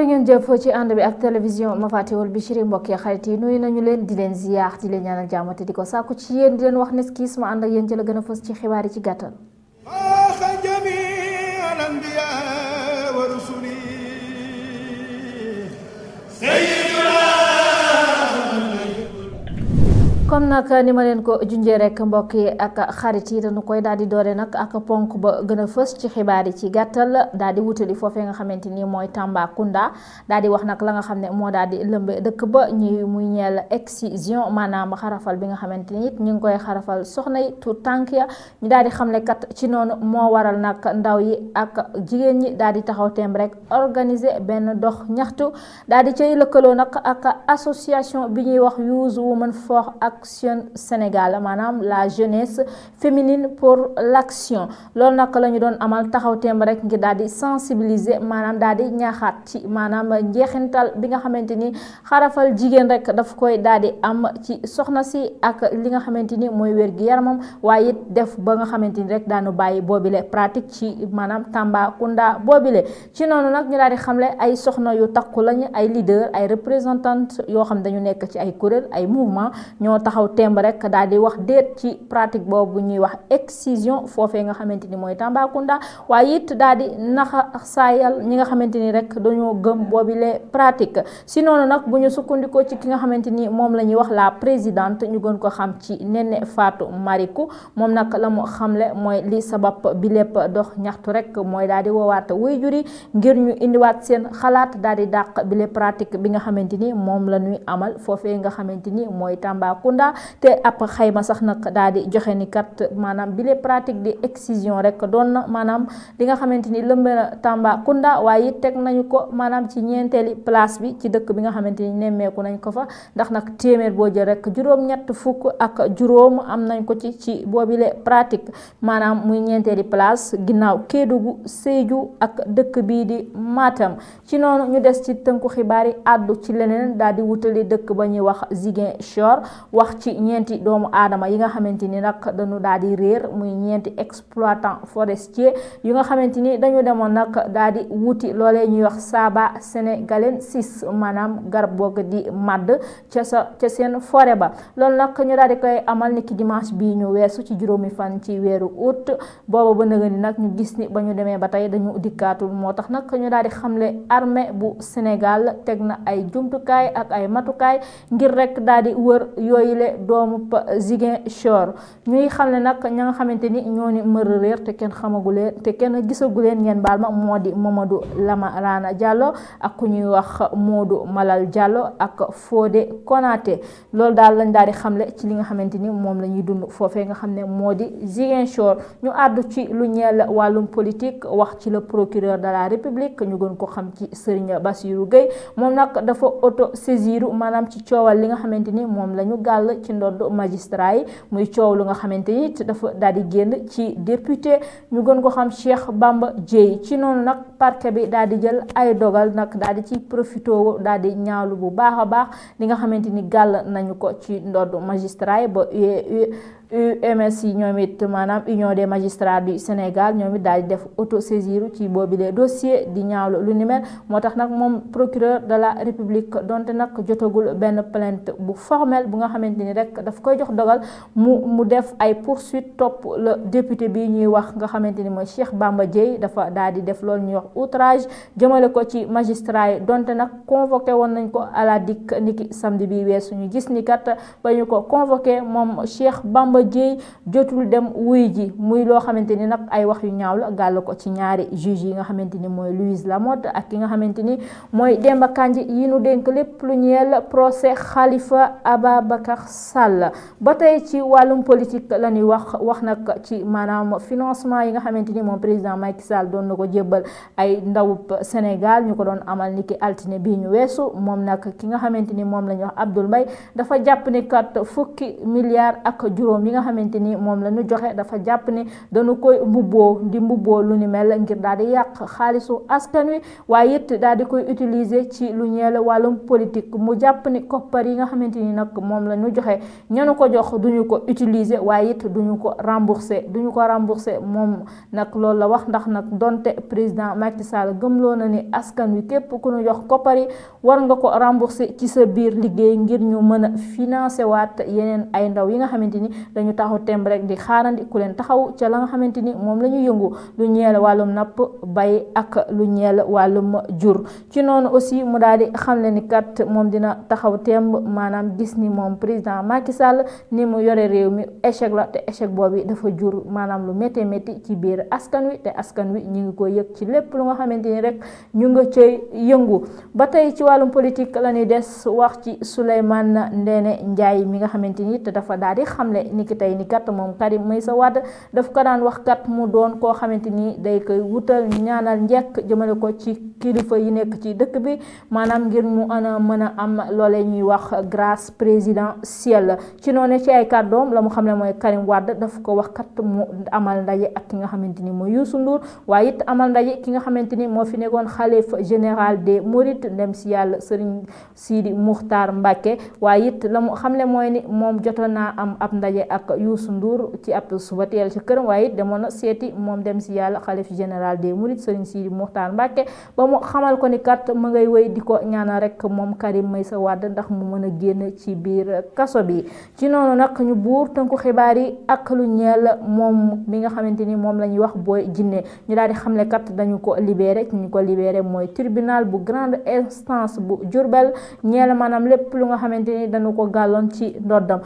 jërë ngeen jëf ci ànd bi ak télévision bi Bichri mbokki xarit yi nuyu nañu leen di leen ziyaar di leen ñaanal jàmm te di ko sàkku ci yéen di leen wax ne skis ma ànd ak yéen ci la gën a fës ci xibaar yi ci gàttan nag ni ma leen ko junjee rek mbokk yi ak xarit yi dañu koy daal di doore nak ak ponk ba gën a fës ci xibaar yi ci gàttal daal di wutali foofee nga xamante ni mooy Tambacounda daal di wax nag la nga xam ne moo daal di lëmbe dëkk ba ñuy muy ñeel excision maanaam xarafal bi nga xamante ni it ñu ngi koy xarafal soxna yi tout tànk ya ñu daal di xamle kat ci noonu moo waral nag ndaw yi ak jigéen ñi daal di taxaw teem rek organiser benn dox ñaxtu daal di lëkkaloo nag ak association bi ñuy wax Youth Women for ak Action Sénégal maanaam la jeunesse féminine pour l'action loolu nag la ñu doon amal taxaw temb rek ngir daal di sensibiliser maanaam daal di ñaaxaat ci maanaam njeexintal bi nga xamante ni xarafal jigéen rek daf koy daal di am ci soxna si ak li nga xamante ni mooy wér gi yaramam waaye it def ba nga xamante ni rek daanu bàyyi boobile pratique ci maanaam Tambacounda boobile ci noonu nag ñu daal di xamle ay soxna yu takku lañu ay leader ay représentante yoo xam dañu nekk ci ay kuréel ay mouvement temb rek daal di wax déet ci pratique boobu ñuy wax excision foofee nga xamante ni mooy Tambacounda waaye it daal di naxa saayal ñi nga xamante ni rek dañoo gëm boobi les pratiques si noonu nag bu ñu sukkandikoo ci ki nga xamante ni moom la ñuy wax la présidente ñu gën ko xam ci Néné Fatou Marikou moom nag la mu xamle mooy li sabab bi lépp dox ñaxtu rek mooy daal di woowaat waajur yi ngir ñu indiwaat xalaat daal di dàq bi bi nga xamante amal foofee nga xamante mooy Tambacounda te app xayma sax nag daal di joxe ni kat maanaam bile pratique di excision rek doon na maanaam li nga xamante ni lëmbe na Tambacounda waaye teg nañu ko maanaam ci ñeenteeli place bi ci dëkk bi nga xamante ni nemmeeku nañ ko fa ndax nag téeméer boo jël rek juróom-ñett fukk ak juróom am nañ ko ci ci boo boobile pratique maanaam muy ñeenteeli place ginnaaw kéedugu Sédhiou ak dëkk bii di maatam ci noonu ñu des ci tënku xibaar yi àddu ci leneen daal di wutali dëkk ba ñuy wax Ziguinchor wax ci ñeenti doomu aadama yi nga xamante ni nag dañu daal di réer muy ñeenti exploitant forestier yu nga xamante ni dañu demoon nag daal di wuti loolee ñuy wax saaba saba sénégalensis maanaam garab boo ko di màdd ca sa ca seen fore ba lool nag ñu daal di koy amal ni ki dimanche bii ñu weesu ci juróomi fan ci weeru août booba ba nëga ni nag ñu gis ni ba ñu demee ba tey dañu dikkaatul moo tax nag ñu daal di xamle armée bu Sénégal teg na ay jumtukaay ak ay matukaay ngir rek doomu Ziguinchor ñuy xam ne nag ña nga xamante ni ñoo ni mër réer kenn xamagu leen te kenn gisagu leen ngeen baal ma moo di Mamadou Lamarana Diallo ak ku ñuy wax Modou Malal Diallo ak Fodé konaate loolu daal lañ daal di xamle ci li nga xamante ni moom la ñuy dund foofee nga xam ne moo di Ziguinchor ñu àddu ci lu ñeel wàllum politique wax ci la procureur de la République ñu gën ko xam ci Serigne Bassirou Gueye moom nag dafa auto saisiru maanaam ci coowal li nga xamante ni moom lañu ñu gàll ci ndodd magistrat yi muy coow lu nga xamante ni dafa daal di génn ci député ñu gën ko xam Cheikh bamb Dièye ci noonu nag parquet bi daal di jël ay dogal nag daal di ci profité daal di ñaawlu bu baax a baax li nga xamante ni gàll nañu ko ci ndodd magistrat yi ba UMS yi ñoom it maanaam union des magistrats bi Sénégal ñoom it daal di def autosaisir ci boobile dossier di ñaawlu lu ni moo tax nag moom procureur de la république donte nag jotagul benn plainte bu formel bu nga xamante ni rek daf koy jox dogal mu mu def ay poursuite topp la député bi ñuy wax nga xamante ni mooy Cheikh Bamba Dièye dafa daal di def lool ñuy wax outrage jëmale ko ci magistrat yi donte nag convoqué woon nañ ko à la DIC niki samedi bi gis ni kat ba ñu moom Cheikh ko jotul dem wuy ji muy loo xamante ni nag ay wax yu ñaaw la gàll ko ci ñaari juge yi nga xamante ni mooy Louise Lamotte ak ki nga xamante ni mooy Demba Kandji yi nu dénk lépp lu ñeel procès Khalifa Ababacar Sall ba tey ci wàllum politique la ñuy wax wax nag ci maanaam financement yi nga xamante ni moom président Macky Sall doon na ko jébbal ay ndawu Sénégal ñu ko doon amal niki altine bii ñu weesu moom nag ki nga xamante ni moom la wax Abdoul Mbaye dafa jàpp ni kat fukki milliards ak juróom bi nga xamante ni moom la ñu joxe dafa jàpp ne dañu koy mbubboo di mbubboo lu ni mel ngir daal di yàq xaalisu askan wi waaye it daal di koy utiliser ci lu ñeel wàllum politique mu jàpp ni koppar yi nga xamante ni nag moom la ñu joxe ñanu ko jox duñu ko utiliser waaye it duñu ko rembourser duñu ko rembourser moom nag loolu la wax ndax nag donte président Macky Sall gëmloo na ni askan wi képp ku nu jox koppar yi war nga ko rembourser ci sa biir liggéey ngir ñu mën a financer waat ndaw yi nga xamante dañu taxu temb rek di xaarandi ku leen taxaw ca la nga xamante ni moom la ñu yëngu lu ñeel wàllum napp bay ak lu ñeel wàllum jur ci noonu aussi mu daal di xam le ni kat moom dina taxaw temb maanaam gis ni moom président Macky Sall ni mu yore réew mi échec la te échec boobu dafa jur maanaam lu métti métti ci biir askan wi te askan wi ñu ngi ko yëg ci lépp lu nga xamante ni rek ñu nga cay yëngu ba tey ci wàllum politique la des wax ci Souleymane Ndéné Ndiaye mi ki tey ni kat moom Karim Meïssa Wade daf ko daan wax kat mu doon koo xamante ni day koy wutal ñaanal njekk jëmale ko ci kilifa yi nekk ci dëkk bi maanaam ngir mu ana mën a am loole ñuy wax président grâce la ci noonu ci ay kàddoom la mu xam ne mooy Karim Wade daf ko wax kat mu amal ndaje ak ki nga xamante ni mooy Youssou Ndour waaye it amal ndaje ki nga xamante ni moo fi nekkoon xalif général de Mourides ndem si yàlla Serigne Sidi Moukhtar Mbacke waaye mu xam ne moom jotoon naa am ab ndaje ak Youssou Ndour ci ab suba teel ci këram waaye it demoon na seeti moom dem si yàlla xalif général des Mourides Serigne Sidi Moukhtar Mbacke ba mu xamal ko ni kat mu ngay woy di ko ñaanal rek moom Karim sa Wade ndax mu mën a génn ci biir kaso bi ci noonu nag ñu buur tënku xibaar yi ak lu ñeel moom mi nga xamante ni moom la ñuy wax Boy jinnee ñu daal di xamle kat dañu ko libéré ñu ko libéré mooy tribunal bu grande instance bu Diourbel ñeel maanaam lépp lu nga xamante ni dañu ko gàlloon ci ndoddam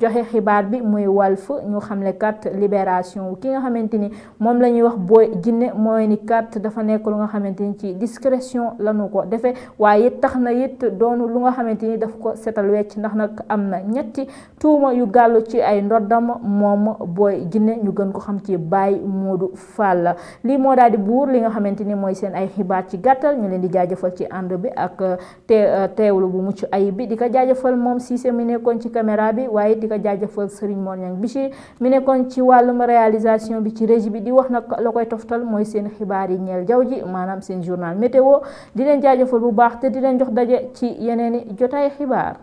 joxe xibaar bi muy Walf ñu xamle kat libération ki nga xamante ni moom la ñuy wax Boy jinne mooy ni kat dafa nekk lu nga xamante ni ci discrétion lañu ko defee waaye tax na it doonu lu nga xamante ni daf ko setal wecc ndax nag am na ñetti tuuma yu gàllu ci ay ndoddam moom booy Djiné ñu gën ko xam ci mu du Fall lii moo daal di buur li nga xamante ni mooy seen ay xibaar ci gàttal ñu leen di jaajafal ci ànd bi ak te teewlu bu mucc ayib di ko jaajëfal Serigne Mor Niang mi nekkoon ci wàllum réalisation bi ci régie bi di wax nag la koy toftal mooy seen xibaar yi ñeel jaww ji maanaam seen journal météo di leen jaajëfal bu baax te di leen jox daje ci yeneeni jotaay xibaar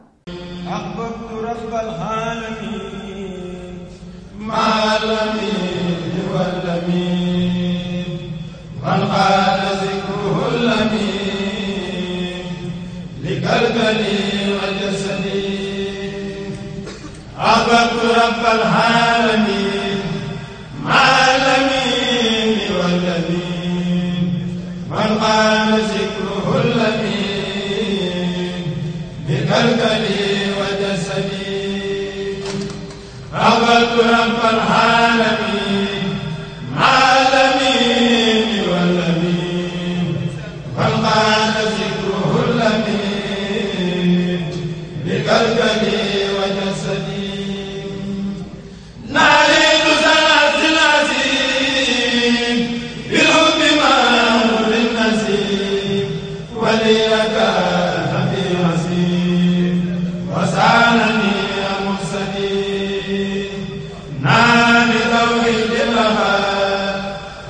قلبي أحببت رب العالمين مع الأمين والأمين من قال ذكره الأمين بقلبي وجسدي أحببت رب العالمين مع الأمين والأمين من قال ذكره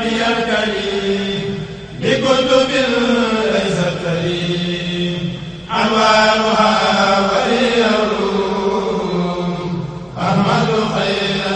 ربي الكريم بكتب ليس كريم أنوارها ولي الروم أحمد خير